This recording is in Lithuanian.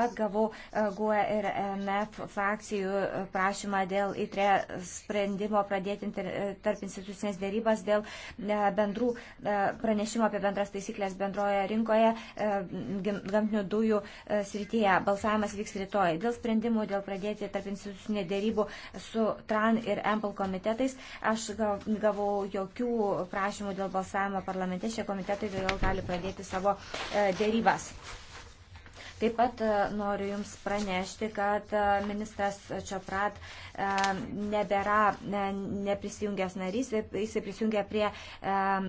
pat gavau GUE e ir MF frakcijų e, prašymą dėl įtre sprendimo pradėti e, tarp institucinės dėrybas dėl bendrų pranešimo apie bendras taisyklės bendroje rinkoje gamtinių dujų srityje. Balsavimas vyks rytoj. Dėl sprendimų, dėl pradėti tarp institucinė dėrybų su TRAN ir EMPL komitetais, aš gavau jokių prašymų dėl balsavimo parlamente. Šie komitetai vėl gali pradėti savo dėrybas. Taip pat e, noriu Jums pranešti, kad e, ministras Čioprat e, nebėra neprisijungęs narys, jis prisijungia prie